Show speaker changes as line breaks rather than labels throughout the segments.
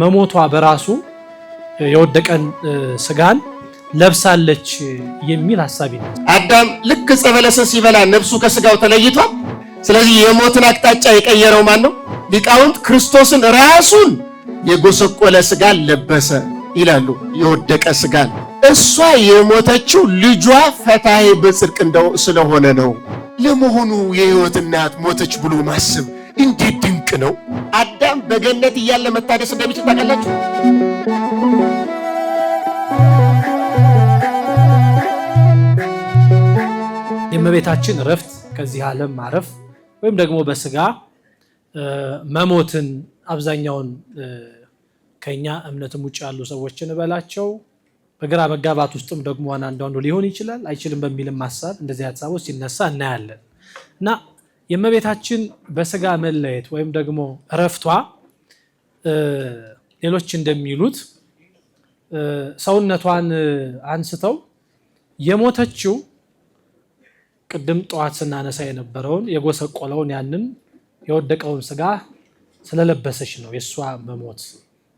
መሞቷ በራሱ የወደቀን ስጋን ለብሳለች የሚል ሀሳብ ነው።
አዳም ልክ ዕፀ በለስን ሲበላ ነብሱ ከስጋው ተለይቷል። ስለዚህ የሞትን አቅጣጫ የቀየረው ማን ነው? ሊቃውንት ክርስቶስን ራሱን የጎሰቆለ ስጋን ለበሰ ይላሉ። የወደቀ ስጋን እሷ የሞተችው ልጇ ፈታሄ በጽድቅ እንደው ስለሆነ ነው። ለመሆኑ የሕይወት እናት ሞተች ብሎ ማስብ እንዴት ድንቅ ነው። አዳም በገነት እያለ መታደስ እንደሚችል ታውቃላችሁ።
የእመቤታችን እረፍት ከዚህ ዓለም ማረፍ ወይም ደግሞ በስጋ መሞትን አብዛኛውን ከኛ እምነትም ውጭ ያሉ ሰዎች እንበላቸው በግራ መጋባት ውስጥም ደግሞ አንዳንዱ ሊሆን ይችላል አይችልም በሚልም ሀሳብ እንደዚህ ሀሳቦች ሲነሳ እናያለን እና የእመቤታችን በስጋ መለየት ወይም ደግሞ እረፍቷ ሌሎች እንደሚሉት ሰውነቷን አንስተው የሞተችው ቅድም ጠዋት ስናነሳ የነበረውን የጎሰቆለውን ያንን የወደቀውን ስጋ ስለለበሰች ነው የእሷ መሞት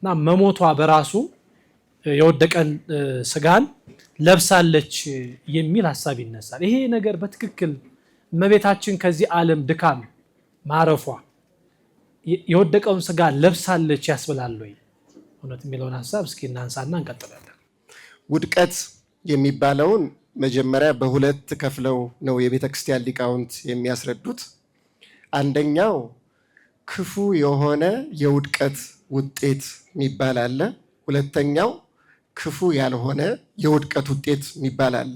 እና መሞቷ በራሱ የወደቀን ስጋን ለብሳለች የሚል ሀሳብ ይነሳል። ይሄ ነገር በትክክል እመቤታችን ከዚህ ዓለም ድካም ማረፏ የወደቀውን ስጋ ለብሳለች ያስብላል ወይ እውነት የሚለውን ሀሳብ እስኪ እናንሳና እንቀጥላለን።
ውድቀት የሚባለውን መጀመሪያ በሁለት ከፍለው ነው የቤተ ክርስቲያን ሊቃውንት የሚያስረዱት። አንደኛው ክፉ የሆነ የውድቀት ውጤት የሚባል አለ። ሁለተኛው ክፉ ያልሆነ የውድቀት ውጤት የሚባል አለ።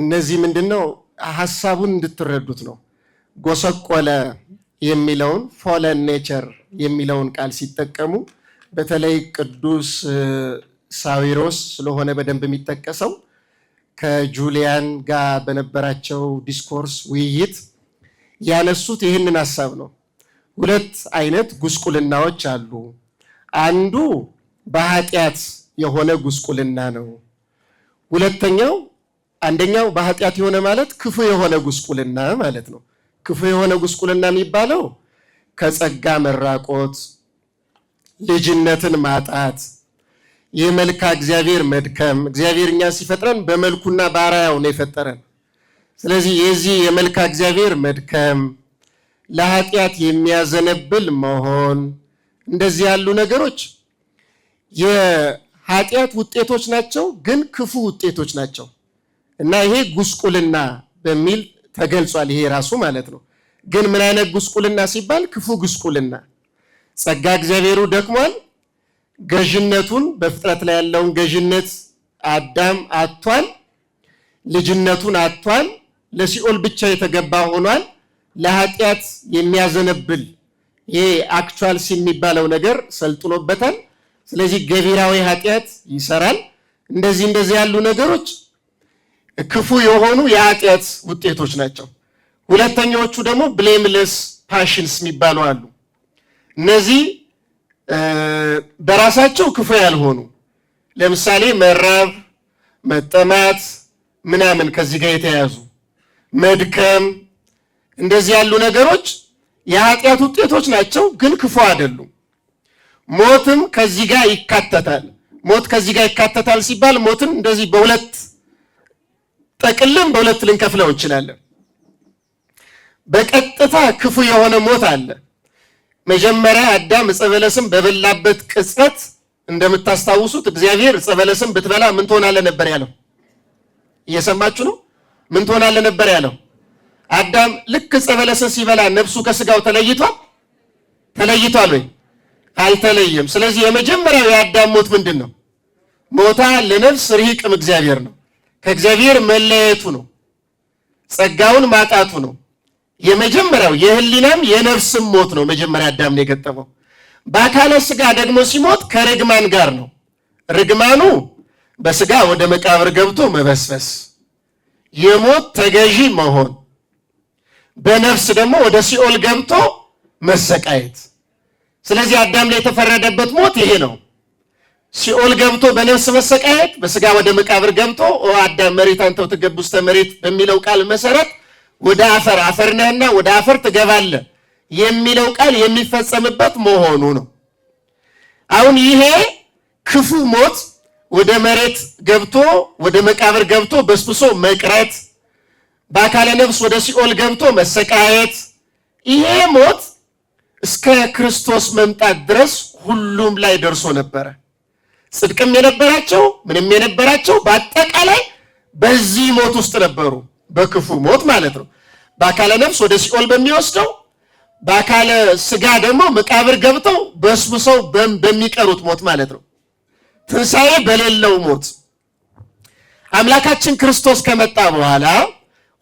እነዚህ ምንድን ነው? ሀሳቡን እንድትረዱት ነው። ጎሰቆለ የሚለውን ፎለን ኔቸር የሚለውን ቃል ሲጠቀሙ በተለይ ቅዱስ ሳዊሮስ ስለሆነ በደንብ የሚጠቀሰው ከጁሊያን ጋር በነበራቸው ዲስኮርስ ውይይት ያነሱት ይህንን ሀሳብ ነው። ሁለት አይነት ጉስቁልናዎች አሉ። አንዱ በኃጢአት የሆነ ጉስቁልና ነው። ሁለተኛው አንደኛው በኃጢአት የሆነ ማለት ክፉ የሆነ ጉስቁልና ማለት ነው። ክፉ የሆነ ጉስቁልና የሚባለው ከጸጋ መራቆት፣ ልጅነትን ማጣት፣ የመልካ እግዚአብሔር መድከም። እግዚአብሔር እኛ ሲፈጥረን በመልኩና በአርአያው ነው የፈጠረን። ስለዚህ የዚህ የመልካ እግዚአብሔር መድከም፣ ለኃጢአት የሚያዘነብል መሆን፣ እንደዚህ ያሉ ነገሮች የኃጢአት ውጤቶች ናቸው፣ ግን ክፉ ውጤቶች ናቸው። እና ይሄ ጉስቁልና በሚል ተገልጿል። ይሄ ራሱ ማለት ነው። ግን ምን አይነት ጉስቁልና ሲባል ክፉ ጉስቁልና፣ ጸጋ እግዚአብሔሩ ደክሟል። ገዥነቱን በፍጥረት ላይ ያለውን ገዥነት አዳም አቷል ልጅነቱን አቷል። ለሲኦል ብቻ የተገባ ሆኗል። ለኃጢአት የሚያዘነብል ይሄ አክቹዋልስ የሚባለው ነገር ሰልጥኖበታል። ስለዚህ ገቢራዊ ኃጢአት ይሰራል። እንደዚህ እንደዚህ ያሉ ነገሮች ክፉ የሆኑ የኃጢአት ውጤቶች ናቸው። ሁለተኛዎቹ ደግሞ ብሌምለስ ፓሽንስ የሚባሉ አሉ። እነዚህ በራሳቸው ክፉ ያልሆኑ ለምሳሌ መራብ፣ መጠማት ምናምን ከዚህ ጋር የተያያዙ መድከም፣ እንደዚህ ያሉ ነገሮች የኃጢአት ውጤቶች ናቸው፣ ግን ክፉ አይደሉም። ሞትም ከዚህ ጋር ይካተታል። ሞት ከዚህ ጋር ይካተታል ሲባል ሞትን እንደዚህ በሁለት ጠቅልም በሁለት ልንከፍለው እንችላለን። በቀጥታ ክፉ የሆነ ሞት አለ። መጀመሪያ አዳም ዕፀ በለስን በበላበት ቅጽበት እንደምታስታውሱት እግዚአብሔር ዕፀ በለስን ብትበላ ምን ትሆናለ ነበር ያለው። እየሰማችሁ ነው? ምን ትሆናለ ነበር ያለው። አዳም ልክ ዕፀ በለስን ሲበላ ነፍሱ ከስጋው ተለይቷል። ተለይቷል ወይ? አልተለየም። ስለዚህ የመጀመሪያው የአዳም ሞት ምንድን ነው? ሞታ ለነፍስ ርሂቅም እግዚአብሔር ነው። ከእግዚአብሔር መለያየቱ ነው፣ ጸጋውን ማጣቱ ነው። የመጀመሪያው የህሊናም የነፍስም ሞት ነው። መጀመሪያ አዳምን የገጠመው በአካለ ስጋ ደግሞ ሲሞት ከርግማን ጋር ነው። ርግማኑ በስጋ ወደ መቃብር ገብቶ መበስበስ፣ የሞት ተገዢ መሆን፣ በነፍስ ደግሞ ወደ ሲኦል ገብቶ መሰቃየት። ስለዚህ አዳም ላይ የተፈረደበት ሞት ይሄ ነው። ሲኦል ገብቶ በነፍስ መሰቃየት በስጋ ወደ መቃብር ገብቶ ኦ አዳም መሬት አንተ ትገብ ውስተ መሬት በሚለው ቃል መሰረት ወደ አፈር አፈር ነህና ወደ አፈር ትገባለህ የሚለው ቃል የሚፈጸምበት መሆኑ ነው። አሁን ይሄ ክፉ ሞት ወደ መሬት ገብቶ ወደ መቃብር ገብቶ በስብሶ መቅረት፣ በአካለ ነፍስ ወደ ሲኦል ገብቶ መሰቃየት፣ ይሄ ሞት እስከ ክርስቶስ መምጣት ድረስ ሁሉም ላይ ደርሶ ነበረ። ጽድቅም የነበራቸው ምንም የነበራቸው በአጠቃላይ በዚህ ሞት ውስጥ ነበሩ። በክፉ ሞት ማለት ነው። በአካለ ነፍስ ወደ ሲኦል በሚወስደው በአካለ ስጋ ደግሞ መቃብር ገብተው በስብሰው በሚቀሩት ሞት ማለት ነው። ትንሣኤ በሌለው ሞት አምላካችን ክርስቶስ ከመጣ በኋላ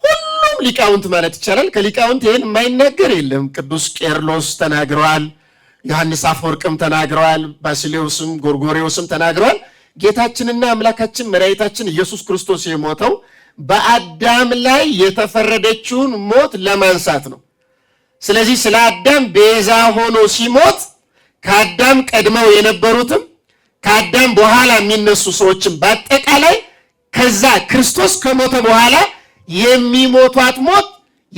ሁሉም ሊቃውንት ማለት ይቻላል ከሊቃውንት ይህን የማይናገር የለም። ቅዱስ ቄርሎስ ተናግረዋል። ዮሐንስ አፈወርቅም ተናግረዋል። ባስሌዎስም ጎርጎሬዎስም ተናግረዋል። ጌታችንና አምላካችን መድኃኒታችን ኢየሱስ ክርስቶስ የሞተው በአዳም ላይ የተፈረደችውን ሞት ለማንሳት ነው። ስለዚህ ስለ አዳም ቤዛ ሆኖ ሲሞት ከአዳም ቀድመው የነበሩትም ከአዳም በኋላ የሚነሱ ሰዎችም በአጠቃላይ ከዛ ክርስቶስ ከሞተ በኋላ የሚሞቷት ሞት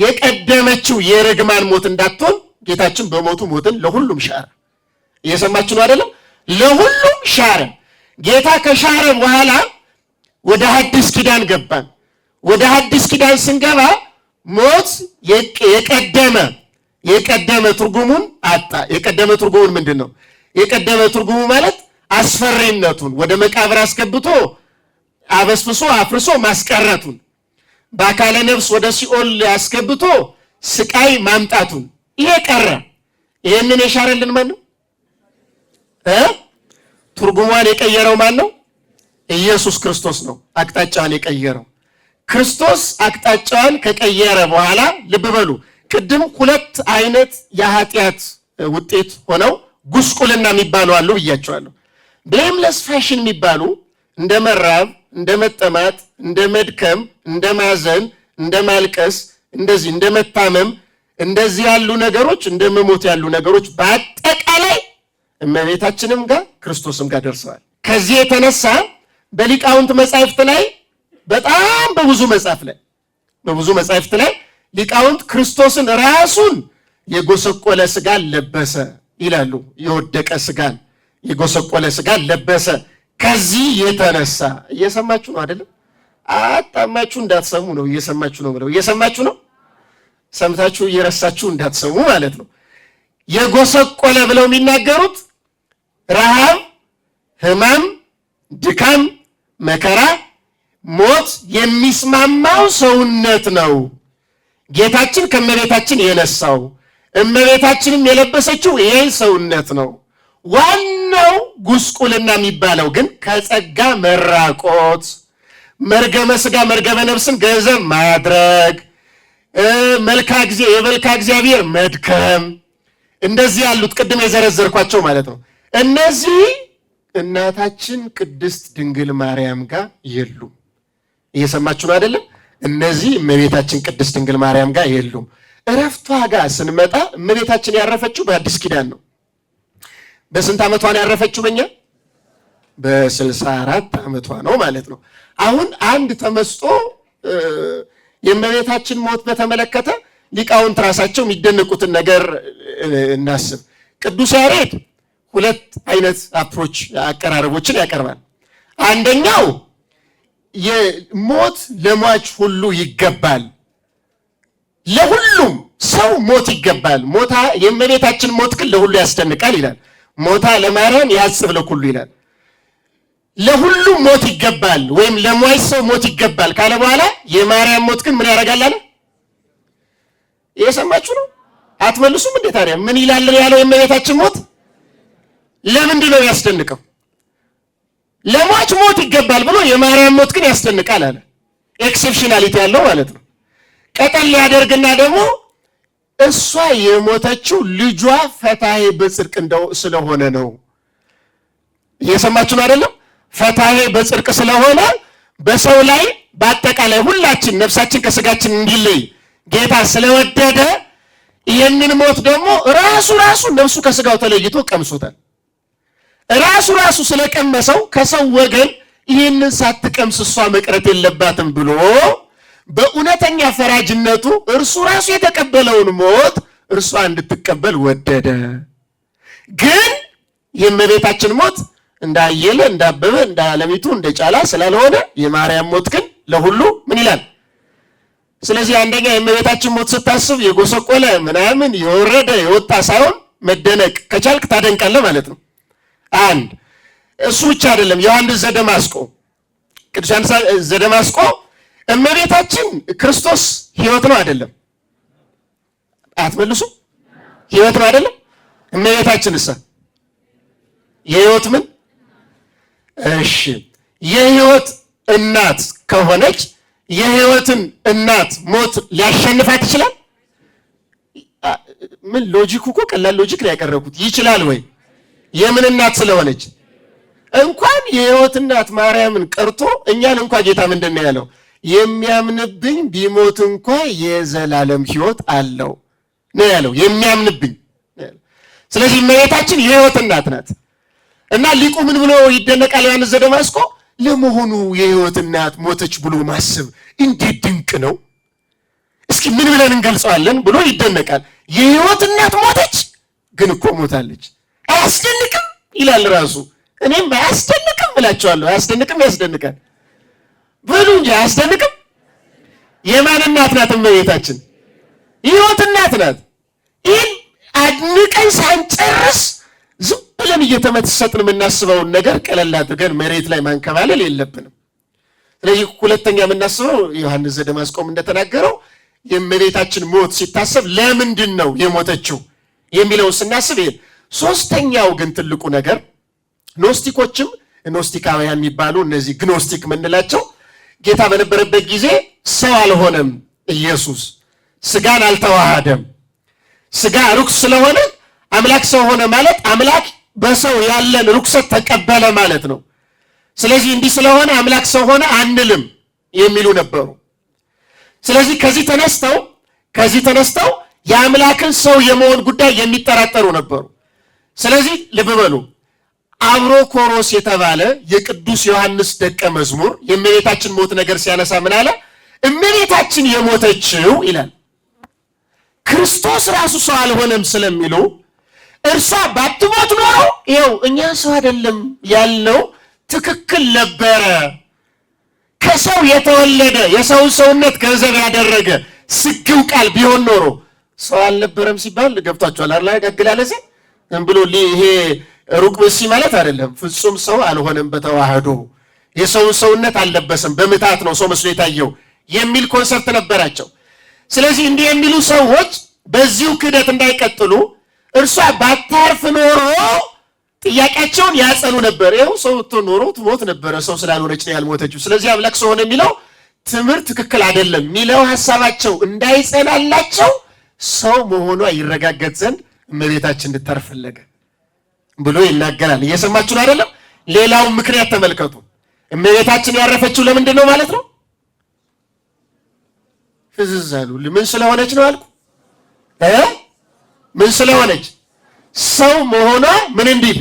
የቀደመችው የርግማን ሞት እንዳትሆን ጌታችን በሞቱ ሞትን ለሁሉም ሻረ። እየሰማችሁ ነው አይደለም? ለሁሉም ሻረ። ጌታ ከሻረ በኋላ ወደ ሐዲስ ኪዳን ገባን። ወደ ሐዲስ ኪዳን ስንገባ ሞት የቀደመ የቀደመ ትርጉሙን አጣ። የቀደመ ትርጉሙን ምንድን ነው? የቀደመ ትርጉሙ ማለት አስፈሪነቱን ወደ መቃብር አስገብቶ አበስብሶ አፍርሶ ማስቀረቱን፣ በአካለ ነፍስ ወደ ሲኦል አስገብቶ ስቃይ ማምጣቱን ይሄ ቀረ። ይሄንን የሻረልን ማን ነው? ትርጉሟን የቀየረው ማን ነው? ኢየሱስ ክርስቶስ ነው። አቅጣጫዋን የቀየረው ክርስቶስ አቅጣጫዋን ከቀየረ በኋላ ልብ በሉ። ቅድም ሁለት አይነት የኃጢአት ውጤት ሆነው ጉስቁልና የሚባሉ አሉ ብያቸዋለሁ። ብሌምለስ ፋሽን የሚባሉ እንደ መራብ፣ እንደ መጠማት፣ እንደ መድከም፣ እንደ ማዘን፣ እንደ ማልቀስ፣ እንደዚህ እንደ መታመም እንደዚህ ያሉ ነገሮች እንደ መሞት ያሉ ነገሮች በአጠቃላይ እመቤታችንም ጋር ክርስቶስም ጋር ደርሰዋል። ከዚህ የተነሳ በሊቃውንት መጻሕፍት ላይ በጣም በብዙ መጽሐፍ ላይ በብዙ መጻሕፍት ላይ ሊቃውንት ክርስቶስን ራሱን የጎሰቆለ ስጋ ለበሰ ይላሉ። የወደቀ ስጋን የጎሰቆለ ስጋን ለበሰ። ከዚህ የተነሳ እየሰማችሁ ነው አይደለም? አጣማችሁ እንዳትሰሙ ነው። እየሰማችሁ ነው ብለው እየሰማችሁ ነው ሰምታችሁ እየረሳችሁ እንዳትሰሙ ማለት ነው። የጎሰቆለ ብለው የሚናገሩት ረሃብ፣ ህመም፣ ድካም፣ መከራ፣ ሞት የሚስማማው ሰውነት ነው ጌታችን ከእመቤታችን የነሳው እመቤታችንም የለበሰችው ይህን ሰውነት ነው። ዋናው ጉስቁልና የሚባለው ግን ከጸጋ መራቆት፣ መርገመ ሥጋ መርገመ ነፍስን ገንዘብ ማድረግ መልካ ጊዜ የመልካ እግዚአብሔር መድከም እንደዚህ ያሉት ቅድም የዘረዘርኳቸው ማለት ነው። እነዚህ እናታችን ቅድስት ድንግል ማርያም ጋር የሉም። እየሰማችሁ ነው አይደለም? እነዚህ እመቤታችን ቅድስት ድንግል ማርያም ጋር የሉም። እረፍቷ ጋር ስንመጣ እመቤታችን ያረፈችው በአዲስ ኪዳን ነው። በስንት ዓመቷ ነው ያረፈችው? በእኛ በስልሳ አራት ዓመቷ ነው ማለት ነው። አሁን አንድ ተመስጦ የእመቤታችን ሞት በተመለከተ ሊቃውንት ራሳቸው የሚደነቁትን ነገር እናስብ። ቅዱስ ያሬድ ሁለት አይነት አፕሮች አቀራረቦችን ያቀርባል። አንደኛው የሞት ለሟች ሁሉ ይገባል፣ ለሁሉም ሰው ሞት ይገባል። ሞታ የእመቤታችን ሞት ግን ለሁሉ ያስደንቃል ይላል። ሞታ ለማርያም ያጽብ ለኩሉ ይላል። ለሁሉም ሞት ይገባል ወይም ለሟች ሰው ሞት ይገባል ካለ በኋላ የማርያም ሞት ግን ምን ያደርጋል አለ? እየሰማችሁ ነው? አትመልሱም እንዴ? ታዲያ ምን ይላል ያለው የእመቤታችን ሞት ለምንድን ነው ያስደንቀው? ለሟች ሞት ይገባል ብሎ የማርያም ሞት ግን ያስደንቃል አለ። ኤክሴፕሽናሊቲ ያለው ማለት ነው። ቀጠል ሊያደርግና ደግሞ እሷ የሞተችው ልጇ ፈታሄ በጽድቅ እንደው ስለሆነ ነው። እየሰማችሁ ነው አይደለ? ፈታሄ በጽድቅ ስለሆነ በሰው ላይ በአጠቃላይ ሁላችን ነፍሳችን ከስጋችን እንዲለይ ጌታ ስለወደደ ይህንን ሞት ደግሞ ራሱ ራሱ ነፍሱ ከስጋው ተለይቶ ቀምሶታል። ራሱ ራሱ ስለቀመሰው ከሰው ወገን ይህንን ሳትቀምስ እሷ መቅረት የለባትም ብሎ በእውነተኛ ፈራጅነቱ እርሱ ራሱ የተቀበለውን ሞት እርሷ እንድትቀበል ወደደ። ግን የእመቤታችን ሞት እንዳየለ እንዳበበ እንዳለሚቱ እንደጫላ እንደ ጫላ ስላልሆነ የማርያም ሞት ግን ለሁሉ ምን ይላል? ስለዚህ አንደኛ የእመቤታችን ሞት ስታስብ የጎሰቆለ ምናምን የወረደ የወጣ ሳይሆን መደነቅ ከቻልክ ታደንቃለህ ማለት ነው። አንድ እሱ ብቻ አይደለም። ዮሐንስ ዘደማስቆ ቅዱሳን ዘደማስቆ እመቤታችን ክርስቶስ ህይወት ነው አይደለም? አትመልሱ። ህይወት ነው አይደለም? እመቤታችን እሳ የህይወት ምን እሺ የህይወት እናት ከሆነች የህይወትን እናት ሞት ሊያሸንፋት ይችላል? ምን ሎጂኩ እኮ ቀላል ሎጂክ ነው ያቀረብኩት። ይችላል ወይ? የምን እናት ስለሆነች እንኳን የህይወት እናት ማርያምን ቀርቶ እኛን እንኳ ጌታ ምንድን ነው ያለው? የሚያምንብኝ ቢሞት እንኳ የዘላለም ህይወት አለው ነው ያለው። የሚያምንብኝ። ስለዚህ እመቤታችን የህይወት እናት ናት። እና ሊቁ ምን ብሎ ይደነቃል? ዮሐንስ ዘደማስቆ ለመሆኑ የህይወት እናት ሞተች ብሎ ማሰብ እንዴት ድንቅ ነው! እስኪ ምን ብለን እንገልጸዋለን ብሎ ይደነቃል። የህይወት እናት ሞተች፣ ግን እኮ ሞታለች። አያስደንቅም ይላል ራሱ። እኔም አያስደንቅም እላቸዋለሁ። አያስደንቅም ያስደንቃል ብሉ እንጂ አያስደንቅም። የማን እናት ናት? እመቤታችን የሕይወት እናት ናት። ይህን አድንቀኝ ሳንጨርስ እየተመሰጥን የምናስበውን ነገር ቀለል አድርገን መሬት ላይ ማንከባለል የለብንም። ስለዚህ ሁለተኛ የምናስበው ዮሐንስ ዘደማስቆም እንደተናገረው የእመቤታችን ሞት ሲታሰብ ለምንድን ነው የሞተችው የሚለውን ስናስብ ይሄን። ሶስተኛው ግን ትልቁ ነገር ኖስቲኮችም ኖስቲካውያን የሚባሉ እነዚህ ግኖስቲክ የምንላቸው ጌታ በነበረበት ጊዜ ሰው አልሆነም፣ ኢየሱስ ስጋን አልተዋሃደም። ስጋ ርኩስ ስለሆነ አምላክ ሰው ሆነ ማለት አምላክ በሰው ያለን ርኩሰት ተቀበለ ማለት ነው። ስለዚህ እንዲህ ስለሆነ አምላክ ሰው ሆነ አንልም የሚሉ ነበሩ። ስለዚህ ከዚህ ተነስተው ከዚህ ተነስተው የአምላክን ሰው የመሆን ጉዳይ የሚጠራጠሩ ነበሩ። ስለዚህ ልብ በሉ አብሮ ኮሮስ የተባለ የቅዱስ ዮሐንስ ደቀ መዝሙር የእመቤታችን ሞት ነገር ሲያነሳ ምን አለ? እመቤታችን የሞተችው ይላል ክርስቶስ ራሱ ሰው አልሆነም ስለሚሉ እርሷ ባትሞት ኖሮ ይኸው እኛ ሰው አይደለም ያለው ትክክል ነበረ። ከሰው የተወለደ የሰውን ሰውነት ገንዘብ ያደረገ ስግው ቃል ቢሆን ኖሮ ሰው አልነበረም ሲባል ገብቷቸዋል። አላ ያጋግላለዚ ዝም ብሎ ይሄ ሩቅ ብእሲ ማለት አይደለም። ፍጹም ሰው አልሆነም። በተዋህዶ የሰውን ሰውነት አልለበሰም። በምታት ነው ሰው መስሎ የታየው የሚል ኮንሰርት ነበራቸው። ስለዚህ እንዲህ የሚሉ ሰዎች በዚሁ ክህደት እንዳይቀጥሉ እርሷ ባታርፍ ኖሮ ጥያቄያቸውን ያጸኑ ነበር። ይኸው ሰው ኖሮ ትሞት ነበረ። ሰው ስላኖረች ነው ያልሞተችው። ስለዚህ አምላክ ሰው ሆነ የሚለው ትምህርት ትክክል አይደለም የሚለው ሀሳባቸው እንዳይጸናላቸው ሰው መሆኗ ይረጋገጥ ዘንድ እመቤታችን እንድታርፍ ፈለገ ብሎ ይናገራል። እየሰማችሁን አይደለም? ሌላውን ምክንያት ተመልከቱ። እመቤታችን ያረፈችው ለምንድን ነው ማለት ነው? ፍዝዝ አሉ። ምን ስለሆነች ነው አልኩ ምን ስለሆነች ሰው መሆኗ ምን እንዲል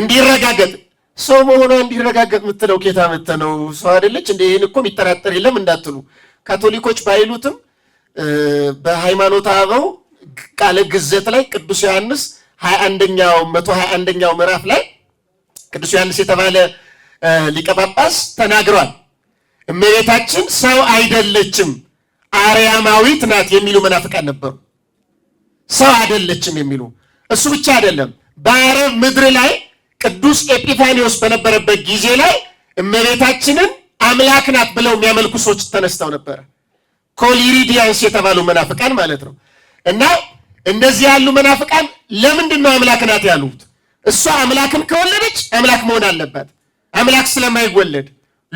እንዲረጋገጥ ሰው መሆኗ እንዲረጋገጥ የምትለው ኬታ መተ ነው። ሰው አይደለች እንደ ይህን እኮ የሚጠራጠር የለም እንዳትሉ ካቶሊኮች ባይሉትም በሃይማኖት አበው ቃለ ግዘት ላይ ቅዱስ ዮሐንስ ሀያ አንደኛው መቶ ሀያ አንደኛው ምዕራፍ ላይ ቅዱስ ዮሐንስ የተባለ ሊቀ ጳጳስ ተናግሯል። እመቤታችን ሰው አይደለችም አርያማዊት ናት የሚሉ መናፍቃን ነበሩ። ሰው አይደለችም የሚሉ እሱ ብቻ አይደለም። በአረብ ምድር ላይ ቅዱስ ኤጲፋኒዎስ በነበረበት ጊዜ ላይ እመቤታችንን አምላክ ናት ብለው የሚያመልኩ ሰዎች ተነስተው ነበረ። ኮሊሪዲያንስ የተባሉ መናፍቃን ማለት ነው። እና እንደዚህ ያሉ መናፍቃን ለምንድን ነው አምላክ ናት ያሉት? እሷ አምላክን ከወለደች አምላክ መሆን አለባት። አምላክ ስለማይወለድ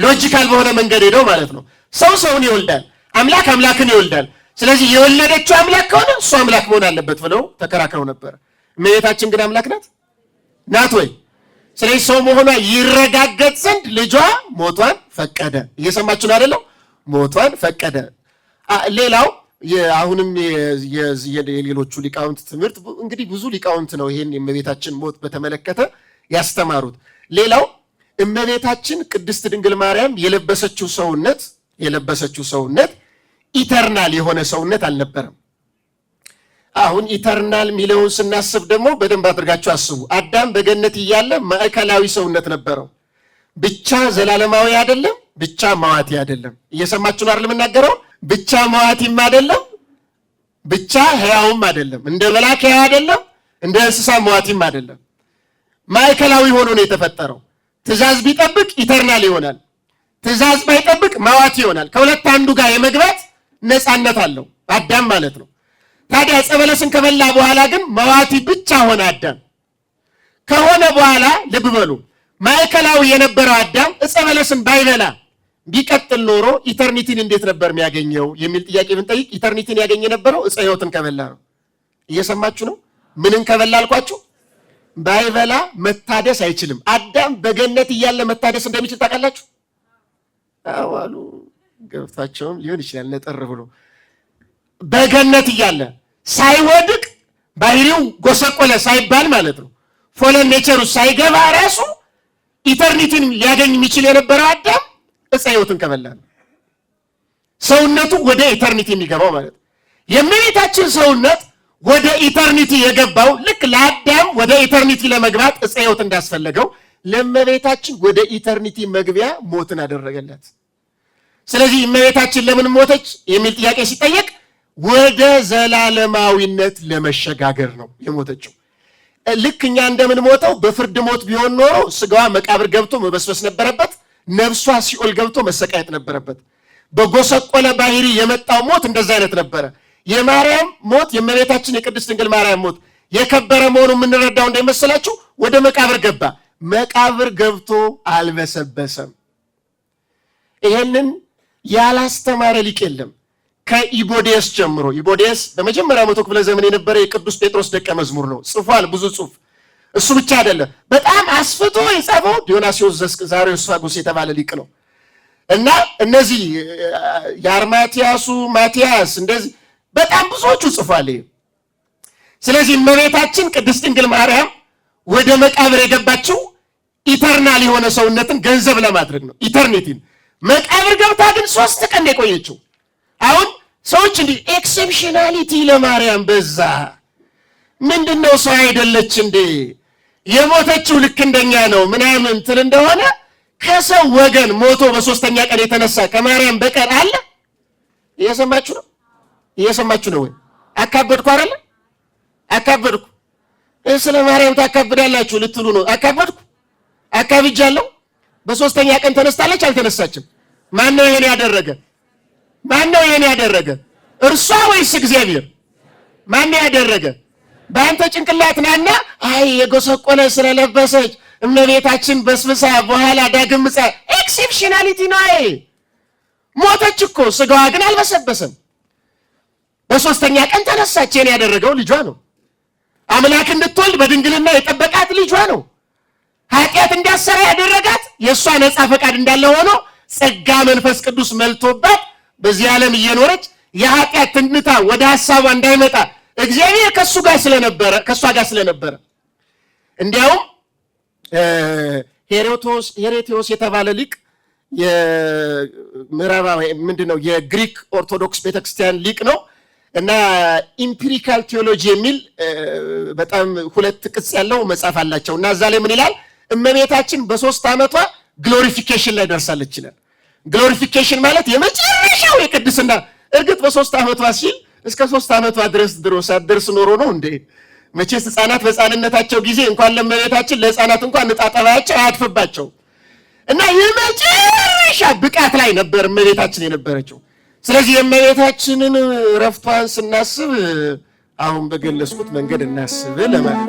ሎጂካል በሆነ መንገድ ሄደው ማለት ነው። ሰው ሰውን ይወልዳል፣ አምላክ አምላክን ይወልዳል። ስለዚህ የወለደችው አምላክ ከሆነ እሱ አምላክ መሆን አለበት ብለው ተከራክረው ነበር። እመቤታችን ግን አምላክ ናት ናት ወይ? ስለዚህ ሰው መሆኗ ይረጋገጥ ዘንድ ልጇ ሞቷን ፈቀደ። እየሰማችሁ ነው አይደለም? ሞቷን ፈቀደ። ሌላው አሁንም የሌሎቹ ሊቃውንት ትምህርት እንግዲህ ብዙ ሊቃውንት ነው ይህን የእመቤታችን ሞት በተመለከተ ያስተማሩት። ሌላው እመቤታችን ቅድስት ድንግል ማርያም የለበሰችው ሰውነት የለበሰችው ሰውነት ኢተርናል የሆነ ሰውነት አልነበረም። አሁን ኢተርናል የሚለውን ስናስብ ደግሞ በደንብ አድርጋችሁ አስቡ። አዳም በገነት እያለ ማዕከላዊ ሰውነት ነበረው። ብቻ ዘላለማዊ አይደለም፣ ብቻ ማዋቲ አይደለም። እየሰማችሁ አይደል የምናገረው? ብቻ ማዋቲም አይደለም፣ ብቻ ህያውም አይደለም። እንደ መላክ ሕያው አይደለም፣ እንደ እንስሳ ማዋቲም አይደለም። ማዕከላዊ ሆኖ ነው የተፈጠረው። ትእዛዝ ቢጠብቅ ኢተርናል ይሆናል፣ ትእዛዝ ባይጠብቅ ማዋቲ ይሆናል። ከሁለት አንዱ ጋር የመግባት ነፃነት አለው አዳም ማለት ነው። ታዲያ ዕፀ በለስን ከበላ በኋላ ግን መዋቲ ብቻ ሆነ አዳም። ከሆነ በኋላ ልብ በሉ ማዕከላዊ የነበረው አዳም ዕፀ በለስን ባይበላ ቢቀጥል ኖሮ ኢተርኒቲን እንዴት ነበር የሚያገኘው የሚል ጥያቄ ብንጠይቅ ኢተርኒቲን ያገኘ ነበረው ዕፀ ሕይወትን ከበላ ነው። እየሰማችሁ ነው? ምንን ከበላ አልኳችሁ? ባይበላ መታደስ አይችልም። አዳም በገነት እያለ መታደስ እንደሚችል ታውቃላችሁ አዋሉ ገብታቸውም ሊሆን ይችላል ነጠር ብሎ በገነት እያለ ሳይወድቅ ባህሪው ጎሰቆለ ሳይባል ማለት ነው። ፎለን ኔቸሩ ሳይገባ ራሱ ኢተርኒቲን ሊያገኝ የሚችል የነበረው አዳም እፀ ሕይወትን ከበላ ነው ሰውነቱ ወደ ኢተርኒቲ የሚገባው ማለት ነው። የእመቤታችን ሰውነት ወደ ኢተርኒቲ የገባው ልክ ለአዳም ወደ ኢተርኒቲ ለመግባት እፀ ሕይወት እንዳስፈለገው ለእመቤታችን ወደ ኢተርኒቲ መግቢያ ሞትን አደረገለት። ስለዚህ እመቤታችን ለምን ሞተች የሚል ጥያቄ ሲጠየቅ ወደ ዘላለማዊነት ለመሸጋገር ነው የሞተችው። ልክ እኛ እንደምንሞተው በፍርድ ሞት ቢሆን ኖሮ ስጋዋ መቃብር ገብቶ መበስበስ ነበረበት፣ ነፍሷ ሲኦል ገብቶ መሰቃየት ነበረበት። በጎሰቆለ ባህሪ የመጣው ሞት እንደዛ አይነት ነበረ። የማርያም ሞት የእመቤታችን የቅድስት ድንግል ማርያም ሞት የከበረ መሆኑ የምንረዳው እንዳይመስላችሁ ወደ መቃብር ገባ። መቃብር ገብቶ አልበሰበሰም። ይሄንን ያላስተማረ ሊቅ የለም። ከኢቦዴስ ጀምሮ ኢቦዴስ በመጀመሪያ መቶ ክፍለ ዘመን የነበረ የቅዱስ ጴጥሮስ ደቀ መዝሙር ነው። ጽፏል ብዙ ጽሁፍ። እሱ ብቻ አይደለም፣ በጣም አስፍቶ የጻፈው ዲዮናስዮስ ዘአርዮስፋጎስ ሳጉስ የተባለ ሊቅ ነው። እና እነዚህ የአርማቲያሱ ማቲያስ እንደዚህ በጣም ብዙዎቹ ጽፏል። ይሄ ስለዚህ እመቤታችን ቅድስት ድንግል ማርያም ወደ መቃብር የገባችው ኢተርናል የሆነ ሰውነትን ገንዘብ ለማድረግ ነው ኢተርኒቲን መቃብር ገብታ ግን ሶስት ቀን የቆየችው። አሁን ሰዎች እንዲህ ኤክሴፕሽናሊቲ ለማርያም በዛ። ምንድን ነው ሰው አይደለች እንዴ? የሞተችው ልክ እንደኛ ነው ምናምን ትል እንደሆነ ከሰው ወገን ሞቶ በሶስተኛ ቀን የተነሳ ከማርያም በቀር አለ? እየሰማችሁ ነው? እየሰማችሁ ነው ወይ? አካበድኩ አይደለ? አካበድኩ። ስለ ማርያም ታካብዳላችሁ ልትሉ ነው። አካበድኩ፣ አካብጃለሁ። በሶስተኛ ቀን ተነስታለች አልተነሳችም? ማን ነው ይሄን ያደረገ? ማን ነው ይሄን ያደረገ? እርሷ ወይስ እግዚአብሔር? ማን ነው ያደረገ? በአንተ ጭንቅላት ናና፣ አይ የጎሰቆለ ስለለበሰች እመቤታችን በስብሳ በኋላ ዳግም ምጽአ ኤክሴፕሽናሊቲ ነው። አይ ሞተች እኮ ስጋዋ ግን አልበሰበሰም። በሶስተኛ ቀን ተነሳች። ይሄን ያደረገው ልጇ ነው። አምላክ እንድትወልድ በድንግልና የጠበቃት ልጇ ነው። ኃጢአት እንዲያሰራ ያደረጋት የእሷ ነፃ ፈቃድ እንዳለ ሆኖ ጸጋ መንፈስ ቅዱስ መልቶባት በዚህ ዓለም እየኖረች የኃጢአት ትንታ ወደ ሀሳቧ እንዳይመጣ እግዚአብሔር ከሱ ጋር ስለነበረ ከእሷ ጋር ስለነበረ እንዲያውም ሄሬቴዎስ የተባለ ሊቅ የምዕራባ ምንድን ነው የግሪክ ኦርቶዶክስ ቤተክርስቲያን ሊቅ ነው እና ኢምፒሪካል ቴዎሎጂ የሚል በጣም ሁለት ቅጽ ያለው መጽሐፍ አላቸው እና እዛ ላይ ምን ይላል እመቤታችን በሶስት ዓመቷ ግሎሪፊኬሽን ላይ ደርሳለች ይላል ግሎሪፊኬሽን ማለት የመጨረሻው የቅድስና እርግጥ በሶስት ዓመቷ ሲል እስከ ሶስት ዓመቷ ድረስ ድሮ ሳትደርስ ኖሮ ነው እንዴ? መቼስ ህፃናት በህፃንነታቸው ጊዜ እንኳን ለመቤታችን ለህፃናት እንኳን ዕጣ ጠባያቸው አያድፍባቸው እና የመጨረሻ ብቃት ላይ ነበር እመቤታችን የነበረችው። ስለዚህ የእመቤታችንን ረፍቷን ስናስብ አሁን በገለጽኩት መንገድ እናስብ ለማለት